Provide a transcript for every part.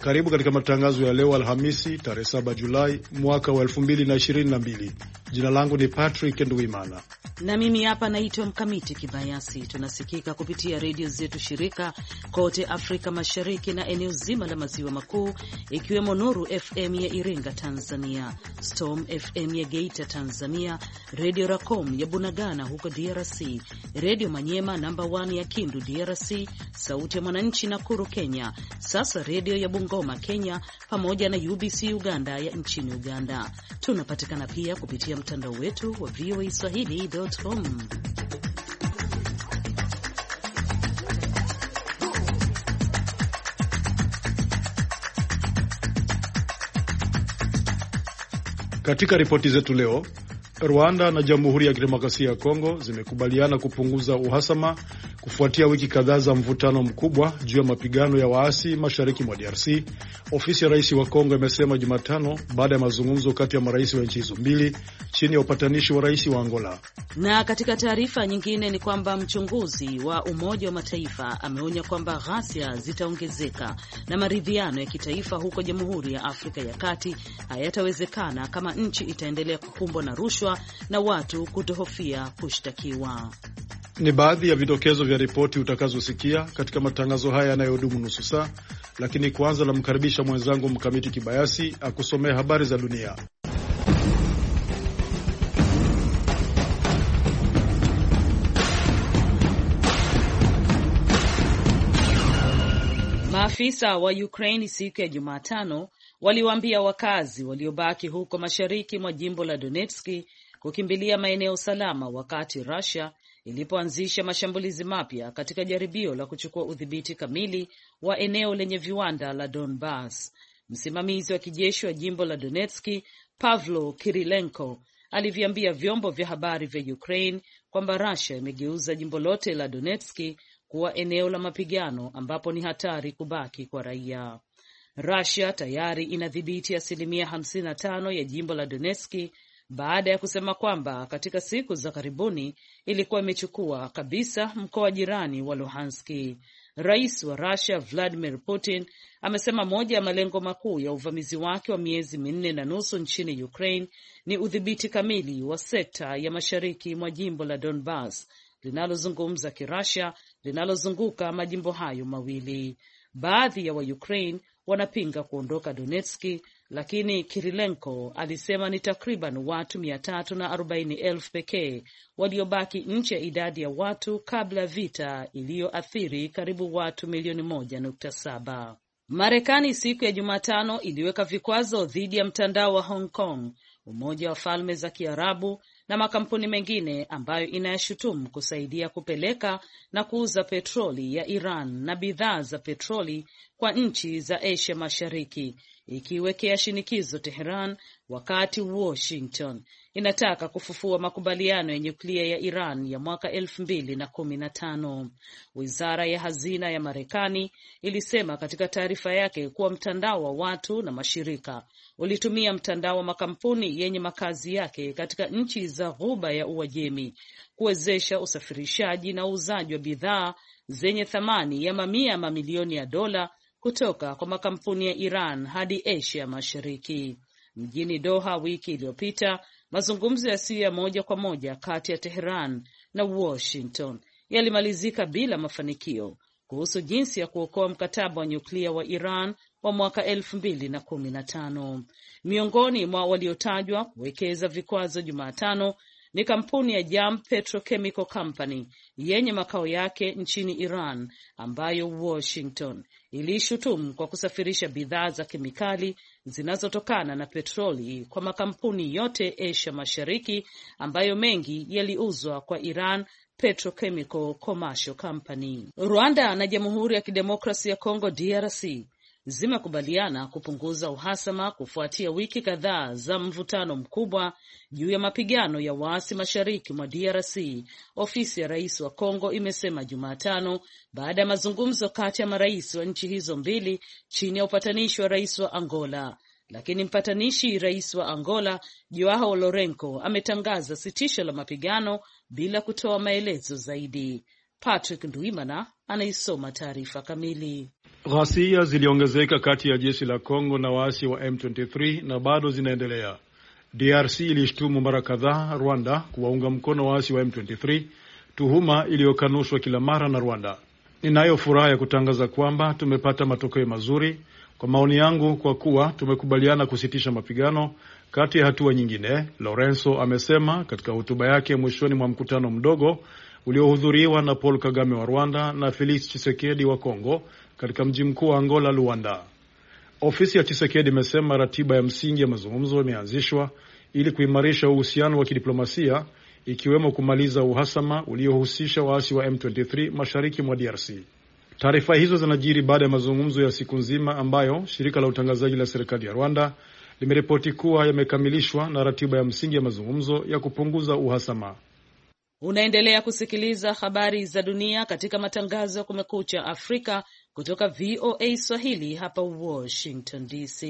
Karibu katika matangazo ya leo Alhamisi, tarehe 7 Julai mwaka wa 2022. Jina langu ni Patrick Nduimana na mimi hapa naitwa Mkamiti Kibayasi. Tunasikika kupitia redio zetu shirika kote Afrika Mashariki na eneo zima la Maziwa Makuu, ikiwemo Nuru FM ya Iringa Tanzania, Storm FM ya Geita Tanzania, Redio Racom ya Bunagana huko DRC, Redio Manyema namba 1 ya Kindu DRC, Sauti ya Mwananchi Nakuru Kenya, sasa redio ya Bunga Bungoma Kenya, pamoja na UBC Uganda ya nchini Uganda. Tunapatikana pia kupitia mtandao wetu wa VOA Swahili.com. Katika ripoti zetu leo Rwanda na Jamhuri ya Kidemokrasia ya Kongo zimekubaliana kupunguza uhasama kufuatia wiki kadhaa za mvutano mkubwa juu ya mapigano ya waasi mashariki mwa DRC, ofisi ya rais wa Kongo imesema Jumatano baada ya mazungumzo kati ya marais wa nchi hizo mbili chini ya upatanishi wa rais wa Angola. Na katika taarifa nyingine ni kwamba mchunguzi wa Umoja wa Mataifa ameonya kwamba ghasia zitaongezeka na maridhiano ya kitaifa huko Jamhuri ya Afrika ya Kati hayatawezekana kama nchi itaendelea kukumbwa na rushwa kukamatwa na watu kutohofia kushtakiwa. Ni baadhi ya vidokezo vya ripoti utakazosikia katika matangazo haya yanayodumu nusu saa, lakini kwanza namkaribisha mwenzangu Mkamiti Kibayasi akusomea habari za dunia. Maafisa wa Ukraini siku ya Jumatano waliwaambia wakazi waliobaki huko mashariki mwa jimbo la Donetski kukimbilia maeneo salama wakati Russia ilipoanzisha mashambulizi mapya katika jaribio la kuchukua udhibiti kamili wa eneo lenye viwanda la Donbas. Msimamizi wa kijeshi wa jimbo la Donetski Pavlo Kirilenko aliviambia vyombo vya habari vya Ukraine kwamba Russia imegeuza jimbo lote la Donetski kuwa eneo la mapigano ambapo ni hatari kubaki kwa raia. Rusia tayari inadhibiti asilimia 55 ya jimbo la doneski baada ya kusema kwamba katika siku za karibuni ilikuwa imechukua kabisa mkoa jirani wa Luhanski. Rais wa Rusia Vladimir Putin amesema moja ya malengo makuu ya uvamizi wake wa miezi minne na nusu nchini Ukraine ni udhibiti kamili wa sekta ya mashariki mwa jimbo la Donbas linalozungumza Kirusia linalozunguka majimbo hayo mawili. Baadhi ya Waukraine wanapinga kuondoka Donetski, lakini Kirilenko alisema ni takriban watu mia tatu na arobaini elfu pekee waliobaki nje ya idadi ya watu kabla vita iliyoathiri karibu watu milioni moja nukta saba. Marekani siku ya Jumatano iliweka vikwazo dhidi ya mtandao wa Hong Kong, Umoja wa Falme za Kiarabu na makampuni mengine ambayo inayashutumu kusaidia kupeleka na kuuza petroli ya Iran na bidhaa za petroli kwa nchi za Asia Mashariki ikiwekea shinikizo Teheran wakati Washington inataka kufufua makubaliano ya nyuklia ya Iran ya mwaka elfu mbili na kumi na tano. Wizara ya hazina ya Marekani ilisema katika taarifa yake kuwa mtandao wa watu na mashirika ulitumia mtandao wa makampuni yenye makazi yake katika nchi za Ghuba ya Uajemi kuwezesha usafirishaji na uuzaji wa bidhaa zenye thamani ya mamia ya mamilioni ya dola kutoka kwa makampuni ya Iran hadi Asia Mashariki. Mjini Doha wiki iliyopita, mazungumzo yasiyo ya moja kwa moja kati ya Teheran na Washington yalimalizika bila mafanikio kuhusu jinsi ya kuokoa mkataba wa nyuklia wa Iran wa mwaka elfu mbili na kumi na tano. Miongoni mwa waliotajwa kuwekeza vikwazo Jumatano ni kampuni ya Jam Petrochemical Company yenye makao yake nchini Iran ambayo Washington iliishutumu kwa kusafirisha bidhaa za kemikali zinazotokana na petroli kwa makampuni yote Asia Mashariki ambayo mengi yaliuzwa kwa Iran Petrochemical Commercial Company. Rwanda na Jamhuri ya Kidemokrasi ya Kongo DRC zimekubaliana kupunguza uhasama kufuatia wiki kadhaa za mvutano mkubwa juu ya mapigano ya waasi mashariki mwa DRC, ofisi ya rais wa Kongo imesema Jumatano, baada ya mazungumzo kati ya marais wa nchi hizo mbili chini ya upatanishi wa rais wa Angola. Lakini mpatanishi rais wa Angola Joao Lourenco ametangaza sitisho la mapigano bila kutoa maelezo zaidi. Patrick Nduimana anaisoma taarifa kamili. Ghasia ziliongezeka kati ya jeshi la Kongo na waasi wa M23 na bado zinaendelea. DRC ilishtumu mara kadhaa Rwanda kuwaunga mkono waasi wa M23, tuhuma iliyokanushwa kila mara na Rwanda. Ninayo furaha ya kutangaza kwamba tumepata matokeo mazuri kwa maoni yangu, kwa kuwa tumekubaliana kusitisha mapigano kati ya hatua nyingine, Lorenzo amesema katika hotuba yake mwishoni mwa mkutano mdogo uliohudhuriwa na Paul Kagame wa Rwanda na Felix chisekedi wa Kongo katika mji mkuu wa Angola, Luanda. Ofisi ya Chisekedi imesema ratiba ya msingi ya mazungumzo imeanzishwa ili kuimarisha uhusiano wa kidiplomasia ikiwemo kumaliza uhasama uliohusisha waasi wa M23 mashariki mwa DRC. Taarifa hizo zinajiri baada ya mazungumzo ya siku nzima ambayo shirika la utangazaji la serikali ya Rwanda limeripoti kuwa yamekamilishwa na ratiba ya msingi ya mazungumzo ya kupunguza uhasama. Unaendelea kusikiliza habari za dunia katika matangazo ya Kumekucha Afrika kutoka VOA Swahili hapa Washington DC.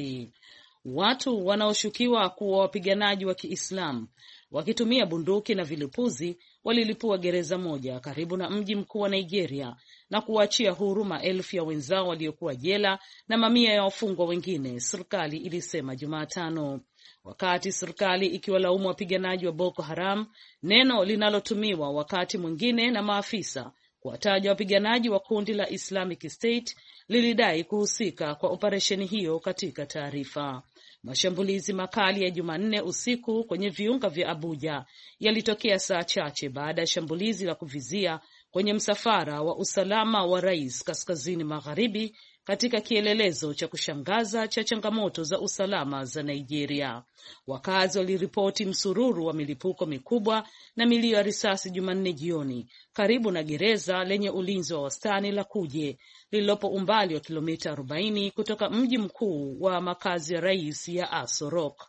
Watu wanaoshukiwa kuwa wapiganaji wa Kiislamu wakitumia bunduki na vilipuzi walilipua gereza moja karibu na mji mkuu wa Nigeria na kuwaachia huru maelfu ya wenzao waliokuwa jela na mamia ya wafungwa wengine, serikali ilisema Jumatano wakati serikali ikiwalaumu wapiganaji wa Boko Haram, neno linalotumiwa wakati mwingine na maafisa kuwataja wapiganaji wa kundi la Islamic State lilidai kuhusika kwa operesheni hiyo katika taarifa. Mashambulizi makali ya Jumanne usiku kwenye viunga vya Abuja yalitokea saa chache baada ya shambulizi la kuvizia kwenye msafara wa usalama wa rais kaskazini magharibi katika kielelezo cha kushangaza cha changamoto za usalama za Nigeria. Wakazi waliripoti msururu wa milipuko mikubwa na milio ya risasi Jumanne jioni karibu na gereza lenye ulinzi wa wastani la Kuje lililopo umbali wa kilomita 40 kutoka mji mkuu wa makazi ya rais ya Aso Rock.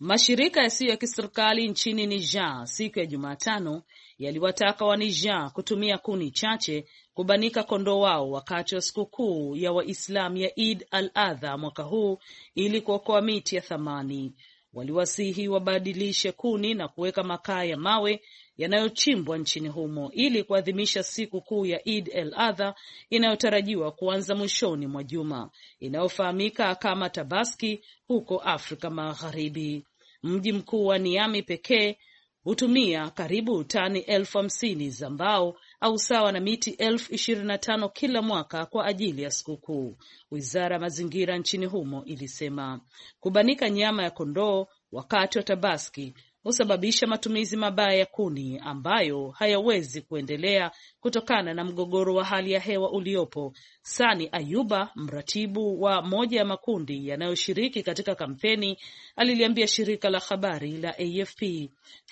Mashirika yasiyo ya kiserikali nchini Niger siku ya Jumatano yaliwataka Niger kutumia kuni chache kubanika kondoo wao wakati wa sikukuu ya Waislamu ya Eid al-Adha mwaka huu ili kuokoa miti ya thamani. Waliwasihi wabadilishe kuni na kuweka makaa ya mawe yanayochimbwa nchini humo ili kuadhimisha siku kuu ya Eid el Adha inayotarajiwa kuanza mwishoni mwa juma inayofahamika kama Tabaski huko Afrika Magharibi. Mji mkuu wa Niami pekee hutumia karibu tani elfu hamsini za mbao au sawa na miti elfu ishirini na tano kila mwaka kwa ajili ya sikukuu. Wizara ya mazingira nchini humo ilisema kubanika nyama ya kondoo wakati wa Tabaski husababisha matumizi mabaya ya kuni ambayo hayawezi kuendelea kutokana na mgogoro wa hali ya hewa uliopo. Sani Ayuba, mratibu wa moja ya makundi yanayoshiriki katika kampeni, aliliambia shirika la habari la AFP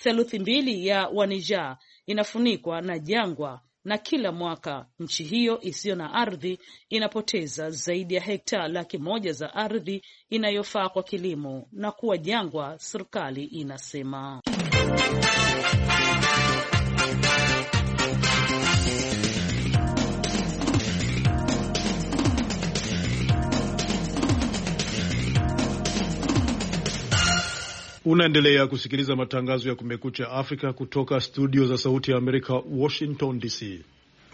theluthi mbili ya Wanija inafunikwa na jangwa na kila mwaka nchi hiyo isiyo na ardhi inapoteza zaidi ya hekta laki moja za ardhi inayofaa kwa kilimo na kuwa jangwa, serikali inasema. Unaendelea kusikiliza matangazo ya Kumekucha Afrika kutoka studio za Sauti ya Amerika, Washington DC.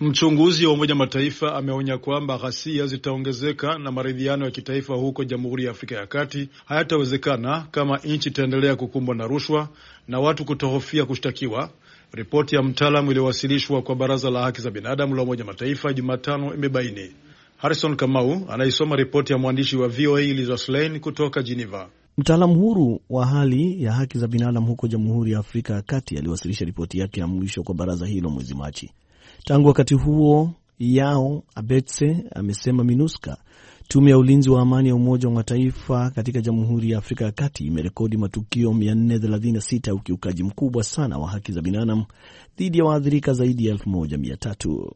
Mchunguzi wa Umoja Mataifa ameonya kwamba ghasia zitaongezeka na maridhiano ya kitaifa huko Jamhuri ya Afrika ya Kati hayatawezekana kama nchi itaendelea kukumbwa na rushwa na watu kutohofia kushtakiwa. Ripoti ya mtaalamu iliyowasilishwa kwa Baraza la Haki za Binadamu la Umoja Mataifa Jumatano imebaini. Harrison Kamau anaisoma ripoti ya mwandishi wa VOA Lisa Schlein kutoka Geneva. Mtaalamu huru wa hali ya haki za binadamu huko Jamhuri ya Afrika ya Kati aliwasilisha ripoti yake ya mwisho kwa baraza hilo mwezi Machi. Tangu wakati huo, Yao Abetse amesema MINUSCA, tume ya ulinzi wa amani ya Umoja wa Mataifa katika Jamhuri ya Afrika ya Kati, imerekodi matukio 436 ya ukiukaji mkubwa sana wa haki za binadamu dhidi ya waathirika zaidi ya 1300.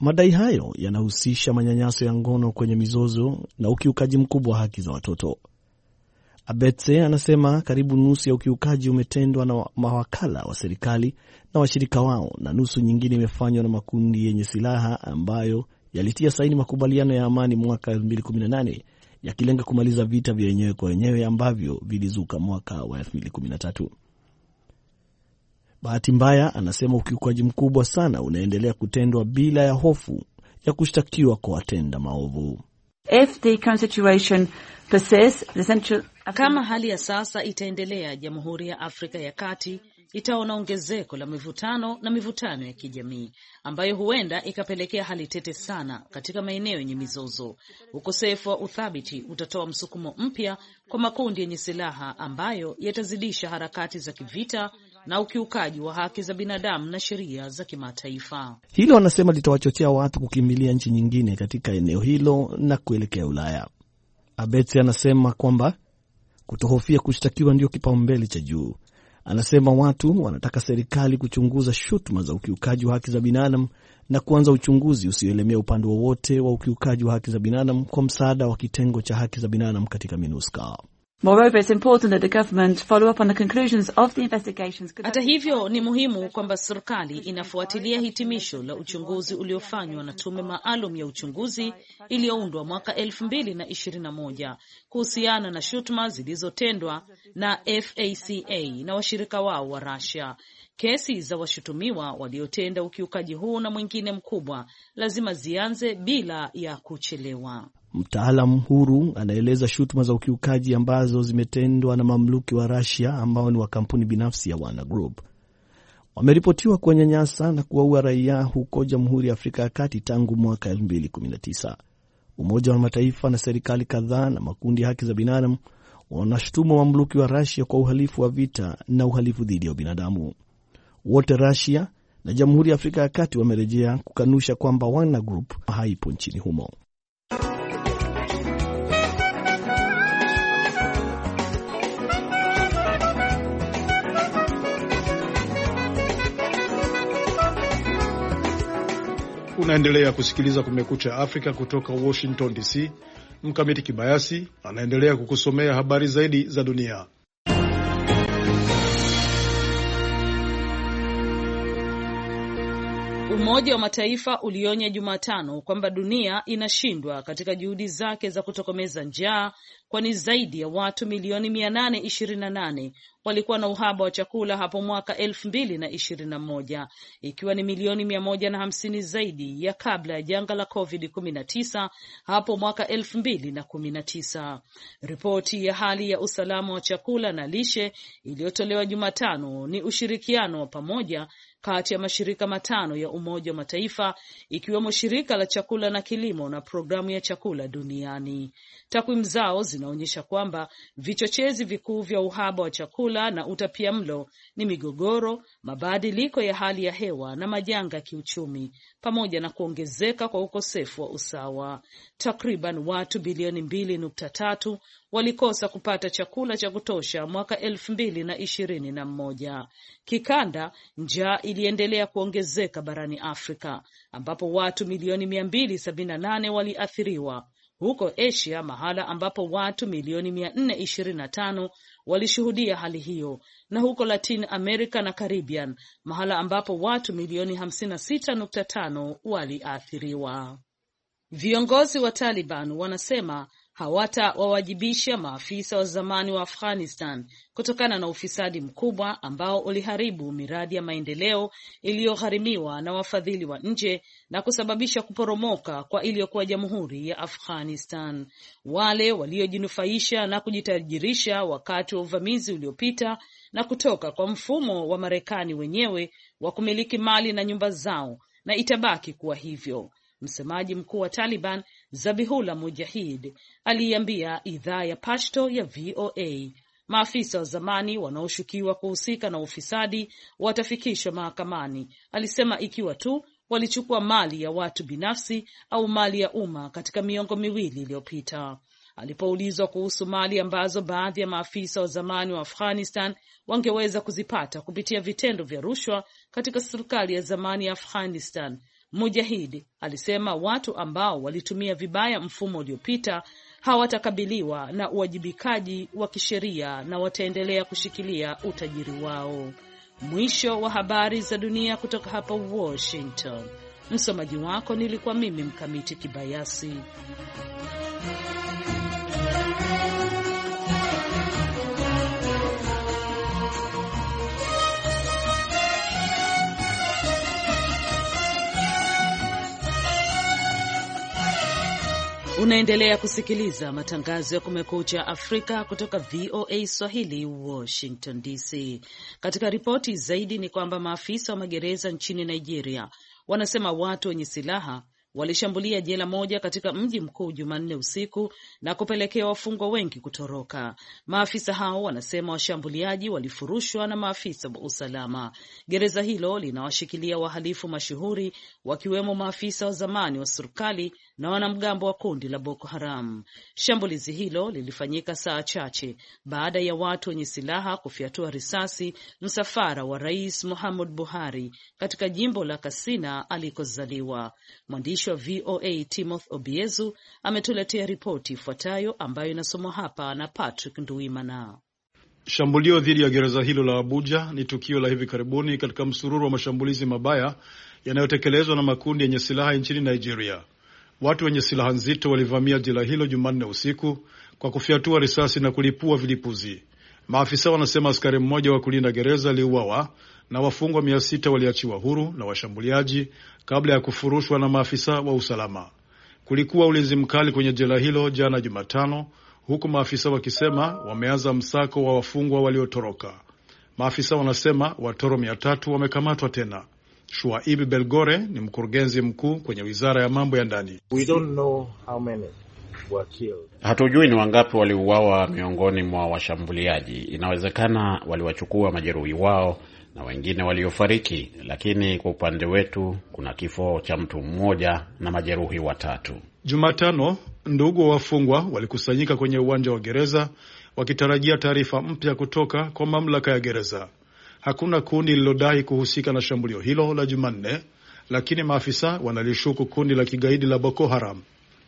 Madai hayo yanahusisha manyanyaso ya ngono kwenye mizozo na ukiukaji mkubwa wa haki za watoto. Abetse anasema karibu nusu ya ukiukaji umetendwa na mawakala wa serikali na washirika wao na nusu nyingine imefanywa na makundi yenye silaha ambayo yalitia saini makubaliano ya amani mwaka 2018 yakilenga kumaliza vita vya wenyewe kwa wenyewe ambavyo vilizuka mwaka wa 2013. Bahati mbaya, anasema ukiukaji mkubwa sana unaendelea kutendwa bila ya hofu ya kushtakiwa kwa watenda maovu. If the current situation persists, the Central... Kama hali ya sasa itaendelea, Jamhuri ya Afrika ya Kati itaona ongezeko la mivutano na mivutano ya kijamii ambayo huenda ikapelekea hali tete sana katika maeneo yenye mizozo. Ukosefu wa uthabiti utatoa msukumo mpya kwa makundi yenye silaha ambayo yatazidisha harakati za kivita na ukiukaji wa haki za binadamu na sheria za kimataifa. Hilo anasema litawachochea watu kukimbilia nchi nyingine katika eneo hilo na kuelekea Ulaya. Abetsi anasema kwamba kutohofia kushtakiwa ndio kipaumbele cha juu. Anasema watu wanataka serikali kuchunguza shutuma za ukiukaji wa haki za binadamu na kuanza uchunguzi usioelemea upande wowote wa ukiukaji wa haki za binadamu kwa msaada wa kitengo cha haki za binadamu katika MINUSCA. Moreover, it's important that the government follow up on the conclusions of the investigations. Hata hivyo, ni muhimu kwamba serikali inafuatilia hitimisho la uchunguzi uliofanywa na tume maalum ya uchunguzi iliyoundwa mwaka elfu mbili na ishirini na moja kuhusiana na shutuma zilizotendwa na FACA na washirika wao wa Russia. Kesi za washutumiwa waliotenda ukiukaji huu na mwingine mkubwa lazima zianze bila ya kuchelewa. Mtaalam huru anaeleza shutuma za ukiukaji ambazo zimetendwa na mamluki wa Rusia ambao ni wa kampuni binafsi ya Wagner Group. Wameripotiwa kuwanyanyasa na kuwaua raia huko Jamhuri ya Afrika ya Kati tangu mwaka 2019. Umoja wa Mataifa na serikali kadhaa na makundi ya haki za binadamu wanashutumu mamluki wa Rusia kwa uhalifu wa vita na uhalifu dhidi ya ubinadamu. Wote Rusia na Jamhuri ya Afrika ya Kati wamerejea kukanusha kwamba Wagner Group haipo nchini humo. Unaendelea kusikiliza Kumekucha Afrika kutoka Washington DC. Mkamiti Kibayasi anaendelea kukusomea habari zaidi za dunia. Umoja wa Mataifa ulionya Jumatano kwamba dunia inashindwa katika juhudi zake za kutokomeza njaa, kwani zaidi ya watu milioni 828 walikuwa na uhaba wa chakula hapo mwaka moja ikiwa ni milioni 150 zaidi ya kabla ya janga la COVID-19 hapo mwaka 2019. Ripoti ya hali ya usalama wa chakula na lishe iliyotolewa Jumatano ni ushirikiano wa pamoja kati ya mashirika matano ya Umoja wa Mataifa ikiwemo shirika la chakula na kilimo na programu ya chakula duniani. Takwimu zao zinaonyesha kwamba vichochezi vikuu vya uhaba wa chakula na utapia mlo ni migogoro, mabadiliko ya hali ya hewa na majanga ya kiuchumi, pamoja na kuongezeka kwa ukosefu wa usawa. Takriban watu bilioni mbili nukta tatu walikosa kupata chakula cha kutosha mwaka elfu mbili na ishirini na mmoja. Kikanda, njaa iliendelea kuongezeka barani Afrika ambapo watu milioni mia mbili sabini na nane waliathiriwa huko Asia, mahala ambapo watu milioni mia nne ishirini na tano walishuhudia hali hiyo, na huko Latin America na Caribbean, mahala ambapo watu milioni 56.5 waliathiriwa. Viongozi wa Taliban wanasema hawatawawajibisha maafisa wa zamani wa Afghanistan kutokana na ufisadi mkubwa ambao uliharibu miradi ya maendeleo iliyogharimiwa na wafadhili wa nje na kusababisha kuporomoka kwa iliyokuwa jamhuri ya Afghanistan. Wale waliojinufaisha na kujitajirisha wakati wa uvamizi uliopita na kutoka kwa mfumo wa Marekani wenyewe wa kumiliki mali na nyumba zao, na itabaki kuwa hivyo. Msemaji mkuu wa Taliban Zabihullah Mujahid aliiambia idhaa ya Pashto ya VOA maafisa wa zamani wanaoshukiwa kuhusika na ufisadi watafikishwa mahakamani, alisema ikiwa tu walichukua mali ya watu binafsi au mali ya umma katika miongo miwili iliyopita. Alipoulizwa kuhusu mali ambazo baadhi ya maafisa wa zamani wa Afghanistan wangeweza kuzipata kupitia vitendo vya rushwa katika serikali ya zamani ya Afghanistan, Mujahidi alisema watu ambao walitumia vibaya mfumo uliopita hawatakabiliwa na uwajibikaji wa kisheria na wataendelea kushikilia utajiri wao. Mwisho wa habari za dunia kutoka hapa Washington. Msomaji wako nilikuwa mimi Mkamiti Kibayasi. Unaendelea kusikiliza matangazo ya Kumekucha Afrika kutoka VOA Swahili, Washington DC. Katika ripoti zaidi ni kwamba maafisa wa magereza nchini Nigeria wanasema watu wenye silaha walishambulia jela moja katika mji mkuu Jumanne usiku na kupelekea wafungwa wengi kutoroka. Maafisa hao wanasema washambuliaji walifurushwa na maafisa wa usalama. Gereza hilo linawashikilia wahalifu mashuhuri wakiwemo maafisa wa zamani wa serikali na wanamgambo wa kundi la Boko Haram. Shambulizi hilo lilifanyika saa chache baada ya watu wenye silaha kufyatua risasi msafara wa Rais Muhammad Buhari katika jimbo la Katsina alikozaliwa. Mwandishi Mwandishi wa VOA Timothy Obiezu ametuletea ripoti ifuatayo ambayo inasomwa hapa na Patrick Nduimana. Shambulio dhidi ya gereza hilo la Abuja ni tukio la hivi karibuni katika msururu wa mashambulizi mabaya yanayotekelezwa na makundi yenye silaha nchini Nigeria. Watu wenye silaha nzito walivamia jela hilo Jumanne usiku kwa kufyatua risasi na kulipua vilipuzi. Maafisa wanasema askari mmoja wa kulinda gereza aliuawa na wafungwa mia sita waliachiwa huru na washambuliaji kabla ya kufurushwa na maafisa wa usalama. Kulikuwa ulinzi mkali kwenye jela hilo jana Jumatano, huku maafisa wakisema wameanza msako wa wafungwa waliotoroka. Maafisa wanasema watoro mia tatu wamekamatwa tena. Shuaib Belgore ni mkurugenzi mkuu kwenye wizara ya mambo ya ndani. Hatujui ni wangapi waliuawa miongoni mwa washambuliaji. Inawezekana waliwachukua majeruhi wao na wengine waliofariki, lakini kwa upande wetu kuna kifo cha mtu mmoja na majeruhi watatu. Jumatano, ndugu wa wafungwa walikusanyika kwenye uwanja wa gereza wakitarajia taarifa mpya kutoka kwa mamlaka ya gereza. Hakuna kundi lililodai kuhusika na shambulio hilo la Jumanne, lakini maafisa wanalishuku kundi la kigaidi la Boko Haram.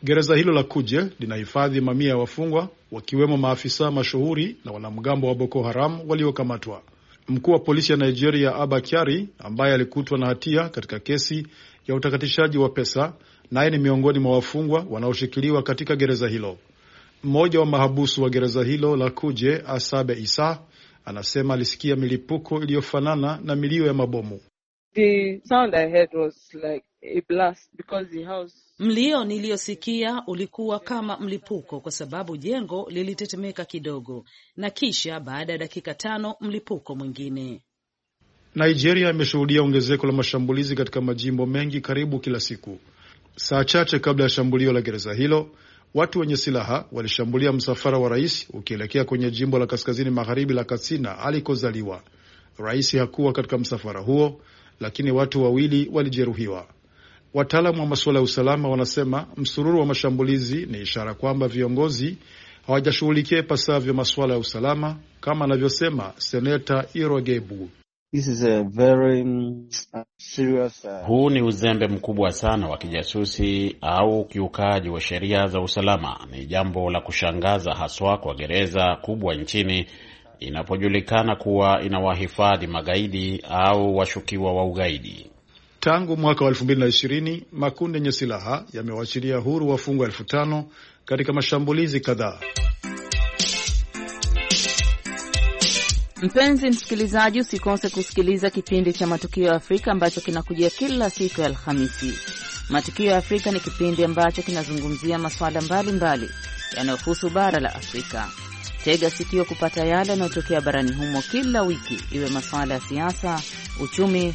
Gereza hilo la Kuje linahifadhi mamia ya wafungwa wakiwemo maafisa mashuhuri na wanamgambo wa Boko Haram waliokamatwa. Mkuu wa polisi ya Nigeria Abba Kyari, ambaye alikutwa na hatia katika kesi ya utakatishaji wa pesa, naye ni miongoni mwa wafungwa wanaoshikiliwa katika gereza hilo. Mmoja wa mahabusu wa gereza hilo la Kuje, Asabe Isa, anasema alisikia milipuko iliyofanana na milio ya mabomu. The sound I heard was like a blast because the house... mlio niliyosikia ulikuwa kama mlipuko kwa sababu jengo lilitetemeka kidogo, na kisha baada ya dakika tano mlipuko mwingine. Nigeria imeshuhudia ongezeko la mashambulizi katika majimbo mengi karibu kila siku. Saa chache kabla ya shambulio la gereza hilo, watu wenye silaha walishambulia msafara wa rais ukielekea kwenye jimbo la kaskazini magharibi la Katsina alikozaliwa. Rais hakuwa katika msafara huo, lakini watu wawili walijeruhiwa. Wataalamu wa masuala ya usalama wanasema msururu wa mashambulizi ni ishara kwamba viongozi hawajashughulikia ipasavyo masuala ya usalama, kama anavyosema Seneta Irogebu. This is a very um, serious, uh... huu ni uzembe mkubwa sana wa kijasusi au ukiukaji wa sheria za usalama. Ni jambo la kushangaza haswa kwa gereza kubwa nchini inapojulikana kuwa inawahifadhi magaidi au washukiwa wa ugaidi. Tangu mwaka wa elfu mbili na ishirini makundi yenye silaha yamewaachilia huru wafungwa elfu tano katika mashambulizi kadhaa. Mpenzi msikilizaji, usikose kusikiliza kipindi cha Matukio ya Afrika ambacho kinakujia kila siku ya Alhamisi. Matukio ya Afrika ni kipindi ambacho kinazungumzia masuala mbalimbali yanayohusu bara la Afrika. Tega sikio kupata yale yanayotokea barani humo kila wiki, iwe masuala ya siasa, uchumi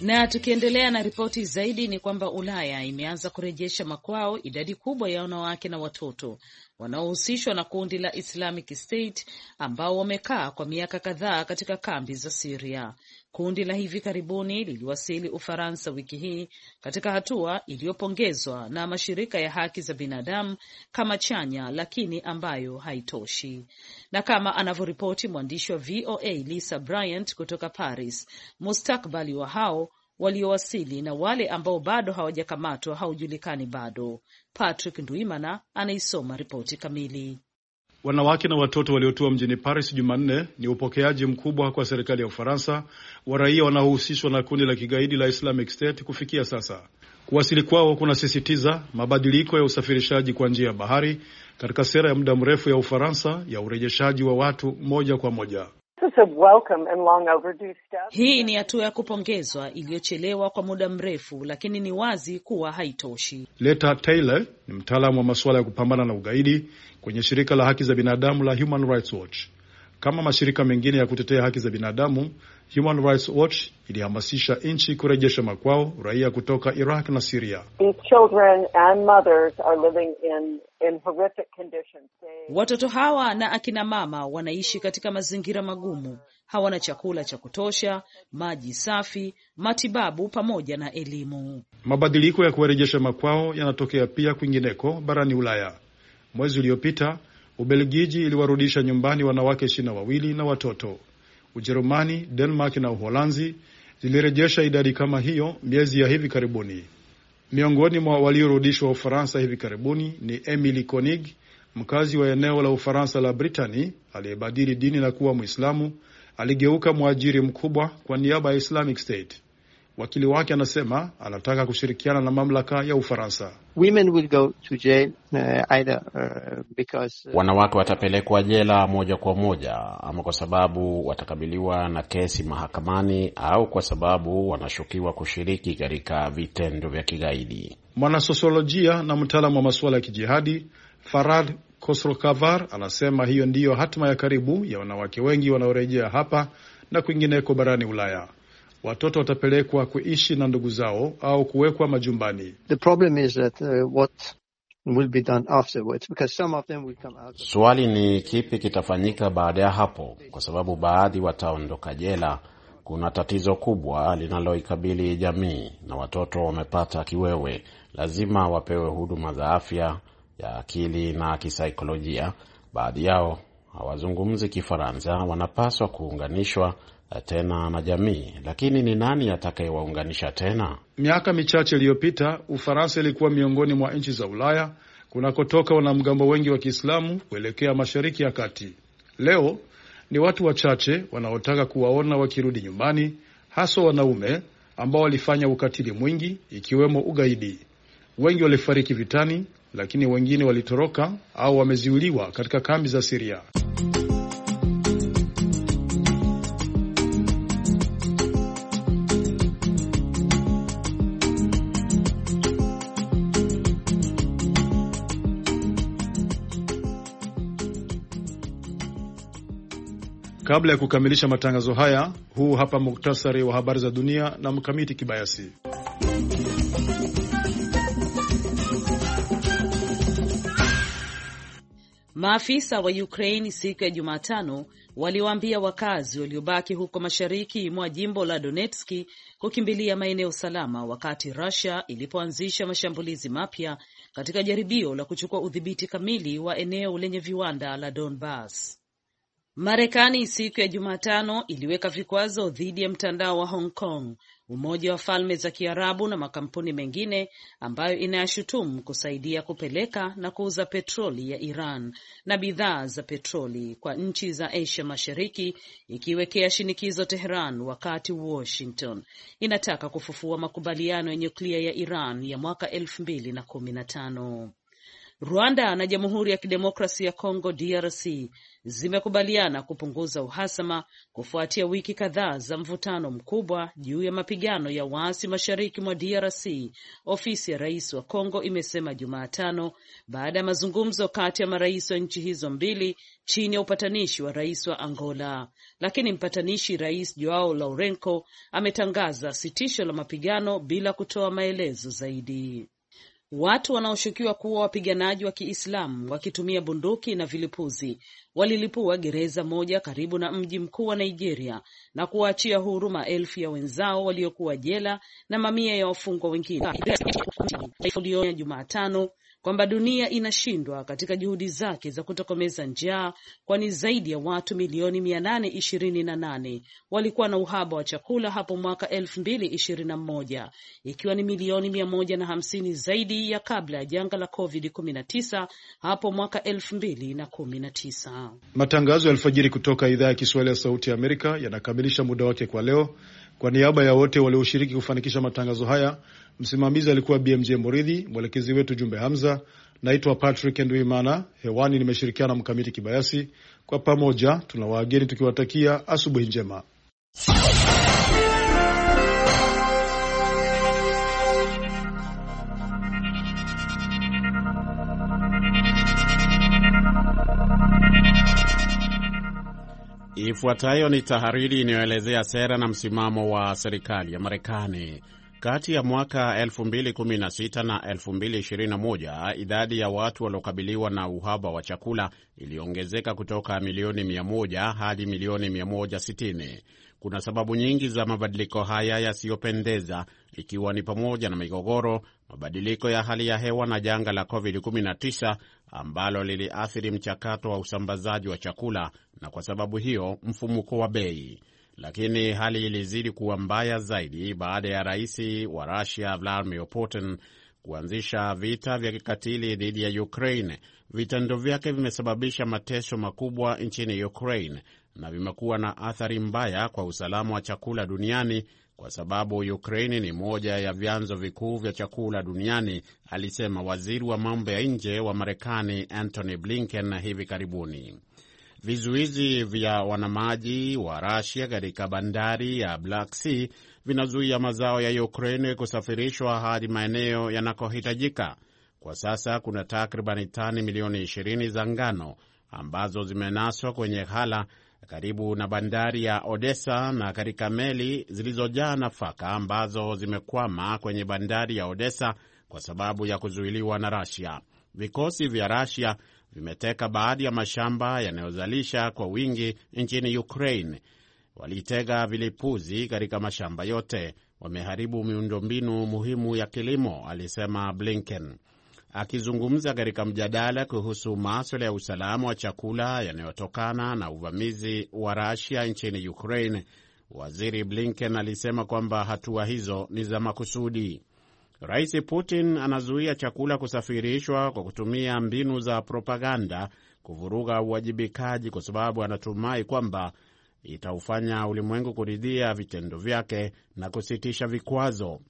Na tukiendelea na ripoti zaidi ni kwamba Ulaya imeanza kurejesha makwao idadi kubwa ya wanawake na watoto wanaohusishwa na kundi la Islamic State ambao wamekaa kwa miaka kadhaa katika kambi za Siria. Kundi la hivi karibuni liliwasili Ufaransa wiki hii katika hatua iliyopongezwa na mashirika ya haki za binadamu kama chanya, lakini ambayo haitoshi. Na kama anavyoripoti mwandishi wa VOA Lisa Bryant kutoka Paris, mustakbali wa hao waliowasili na wale ambao bado hawajakamatwa haujulikani bado. Patrick Ndwimana anaisoma ripoti kamili. Wanawake na watoto waliotua mjini Paris Jumanne ni upokeaji mkubwa kwa serikali ya Ufaransa wa raia wanaohusishwa na kundi la kigaidi la Islamic State kufikia sasa. Kuwasili kwao kunasisitiza mabadiliko ya usafirishaji kwa njia ya bahari katika sera ya muda mrefu ya Ufaransa ya urejeshaji wa watu moja kwa moja. Hii ni hatua ya kupongezwa iliyochelewa kwa muda mrefu, lakini ni wazi kuwa haitoshi. Leta Taylor ni mtaalamu wa masuala ya kupambana na ugaidi kwenye shirika la haki za binadamu la Human Rights Watch. Kama mashirika mengine ya kutetea haki za binadamu, Human Rights Watch ilihamasisha nchi kurejesha makwao raia kutoka Iraq na Siria. Watoto hawa na akina mama wanaishi katika mazingira magumu, hawana chakula cha kutosha, maji safi, matibabu pamoja na elimu. Mabadiliko ya kuwarejesha makwao yanatokea pia kwingineko barani Ulaya. Mwezi uliopita Ubelgiji iliwarudisha nyumbani wanawake ishirini na wawili na watoto. Ujerumani, Denmark na Uholanzi zilirejesha idadi kama hiyo miezi ya hivi karibuni. Miongoni mwa waliorudishwa Ufaransa hivi karibuni ni Emily Konig, mkazi wa eneo la Ufaransa la Britani aliyebadili dini na kuwa Mwislamu. Aligeuka mwajiri mkubwa kwa niaba ya Islamic State. Wakili wake anasema anataka kushirikiana na mamlaka ya Ufaransa. Women will go to jail, uh, either, uh, because, uh, wanawake watapelekwa jela moja kwa moja ama kwa sababu watakabiliwa na kesi mahakamani au kwa sababu wanashukiwa kushiriki katika vitendo vya kigaidi. Mwanasosiolojia na mtaalamu wa masuala ya kijihadi Farad kosrokavar anasema hiyo ndiyo hatima ya karibu ya wanawake wengi wanaorejea hapa na kwingineko barani Ulaya watoto watapelekwa kuishi na ndugu zao au kuwekwa majumbani. Uh, Swali ni kipi kitafanyika baada ya hapo, kwa sababu baadhi wataondoka jela. Kuna tatizo kubwa linaloikabili jamii, na watoto wamepata kiwewe. Lazima wapewe huduma za afya ya akili na kisaikolojia. Baadhi yao hawazungumzi Kifaransa, wanapaswa kuunganishwa tena na jamii, lakini ni nani atakayewaunganisha tena? Miaka michache iliyopita Ufaransa ilikuwa miongoni mwa nchi za Ulaya kunakotoka wanamgambo wengi wa Kiislamu kuelekea mashariki ya kati. Leo ni watu wachache wanaotaka kuwaona wakirudi nyumbani, haswa wanaume ambao walifanya ukatili mwingi, ikiwemo ugaidi. Wengi walifariki vitani, lakini wengine walitoroka au wameziuliwa katika kambi za Siria. Kabla ya kukamilisha matangazo haya, huu hapa muktasari wa habari za dunia na Mkamiti Kibayasi. Maafisa wa Ukraine siku ya Jumatano waliwaambia wakazi waliobaki huko mashariki mwa jimbo la Donetski kukimbilia maeneo salama wakati Russia ilipoanzisha mashambulizi mapya katika jaribio la kuchukua udhibiti kamili wa eneo lenye viwanda la Donbas. Marekani siku ya Jumatano iliweka vikwazo dhidi ya mtandao wa Hong Kong, Umoja wa Falme za Kiarabu na makampuni mengine ambayo inayashutumu kusaidia kupeleka na kuuza petroli ya Iran na bidhaa za petroli kwa nchi za Asia Mashariki, ikiwekea shinikizo Teheran, wakati Washington inataka kufufua makubaliano ya nyuklia ya Iran ya mwaka elfu mbili na kumi na tano. Rwanda na Jamhuri ya Kidemokrasi ya congo DRC zimekubaliana kupunguza uhasama kufuatia wiki kadhaa za mvutano mkubwa juu ya mapigano ya waasi mashariki mwa DRC, ofisi ya rais wa Kongo imesema Jumatano, baada ya mazungumzo kati ya marais wa nchi hizo mbili chini ya upatanishi wa rais wa Angola. Lakini mpatanishi Rais Joao Lourenco ametangaza sitisho la mapigano bila kutoa maelezo zaidi. Watu wanaoshukiwa kuwa wapiganaji wa Kiislamu wakitumia bunduki na vilipuzi walilipua gereza moja karibu na mji mkuu wa Nigeria na kuwaachia huru maelfu ya wenzao waliokuwa jela na mamia ya wafungwa wengine Jumatano kwamba dunia inashindwa katika juhudi zake za kutokomeza njaa, kwani zaidi ya watu milioni mia nane ishirini na nane walikuwa na uhaba wa chakula hapo mwaka elfu mbili ishirini na moja ikiwa ni milioni mia moja na hamsini zaidi ya kabla ya janga la Covid 19 hapo mwaka elfu mbili na kumi na tisa. Matangazo ya alfajiri kutoka idhaa ya Kiswahili ya Sauti ya Amerika yanakamilisha muda wake kwa leo. Kwa niaba ya wote walioshiriki kufanikisha matangazo haya, msimamizi alikuwa BMJ Muridhi, mwelekezi wetu Jumbe Hamza. Naitwa Patrick Nduimana, hewani nimeshirikiana Mkamiti Kibayasi. Kwa pamoja tuna waageni tukiwatakia asubuhi njema. Ifuatayo ni tahariri inayoelezea sera na msimamo wa serikali ya Marekani. Kati ya mwaka 2016 na 2021 idadi ya watu waliokabiliwa na uhaba wa chakula iliongezeka kutoka milioni 100 hadi milioni 160. Kuna sababu nyingi za mabadiliko haya yasiyopendeza, ikiwa ni pamoja na migogoro, mabadiliko ya hali ya hewa na janga la COVID-19 ambalo liliathiri mchakato wa usambazaji wa chakula na kwa sababu hiyo mfumuko wa bei. Lakini hali ilizidi kuwa mbaya zaidi baada ya rais wa Rusia Vladimir Putin kuanzisha vita vya kikatili dhidi ya Ukraine. Vitendo vyake vimesababisha mateso makubwa nchini Ukraine na vimekuwa na athari mbaya kwa usalama wa chakula duniani kwa sababu Ukraini ni moja ya vyanzo vikuu vya chakula duniani, alisema waziri wa mambo ya nje wa Marekani Antony Blinken hivi karibuni. Vizuizi vya wanamaji wa Rasia katika bandari ya Black Sea vinazuia mazao ya Ukraini kusafirishwa hadi maeneo yanakohitajika. Kwa sasa kuna takribani tani milioni 20 za ngano ambazo zimenaswa kwenye hala karibu na bandari ya Odessa na katika meli zilizojaa nafaka ambazo zimekwama kwenye bandari ya Odessa kwa sababu ya kuzuiliwa na Rasia. Vikosi vya Rasia vimeteka baadhi ya mashamba yanayozalisha kwa wingi nchini Ukraine. Walitega vilipuzi katika mashamba yote, wameharibu miundombinu muhimu ya kilimo, alisema Blinken. Akizungumza katika mjadala kuhusu maswala ya usalama wa chakula yanayotokana na uvamizi wa Rasia nchini Ukraine, waziri Blinken alisema kwamba hatua hizo ni za makusudi. Rais Putin anazuia chakula kusafirishwa kwa kutumia mbinu za propaganda kuvuruga uwajibikaji, kwa sababu anatumai kwamba itaufanya ulimwengu kuridhia vitendo vyake na kusitisha vikwazo.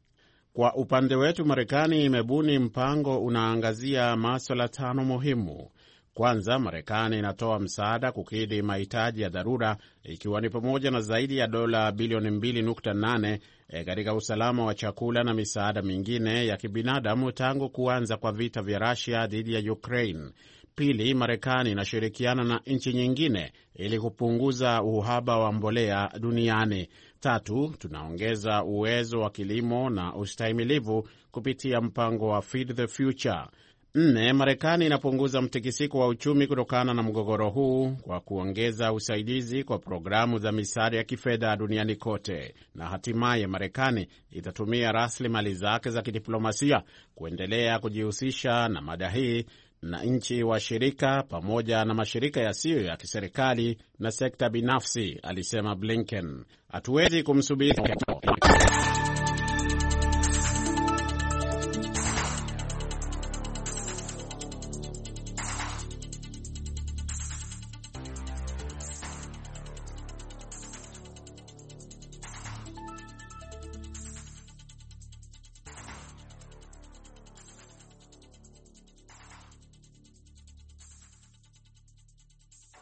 Kwa upande wetu, Marekani imebuni mpango unaangazia maswala tano muhimu. Kwanza, Marekani inatoa msaada kukidhi mahitaji ya dharura, ikiwa ni pamoja na zaidi ya dola bilioni 2.8 eh, katika usalama wa chakula na misaada mingine ya kibinadamu tangu kuanza kwa vita vya Rusia dhidi ya Ukraine. Pili, Marekani inashirikiana na nchi nyingine ili kupunguza uhaba wa mbolea duniani. Tatu, tunaongeza uwezo wa kilimo na ustahimilivu kupitia mpango wa Feed the Future. Nne, Marekani inapunguza mtikisiko wa uchumi kutokana na mgogoro huu kwa kuongeza usaidizi kwa programu za misaada ya kifedha duniani kote, na hatimaye Marekani itatumia rasilimali zake za kidiplomasia kuendelea kujihusisha na mada hii na nchi washirika pamoja na mashirika yasiyo ya kiserikali na sekta binafsi, alisema Blinken. Hatuwezi kumsubiri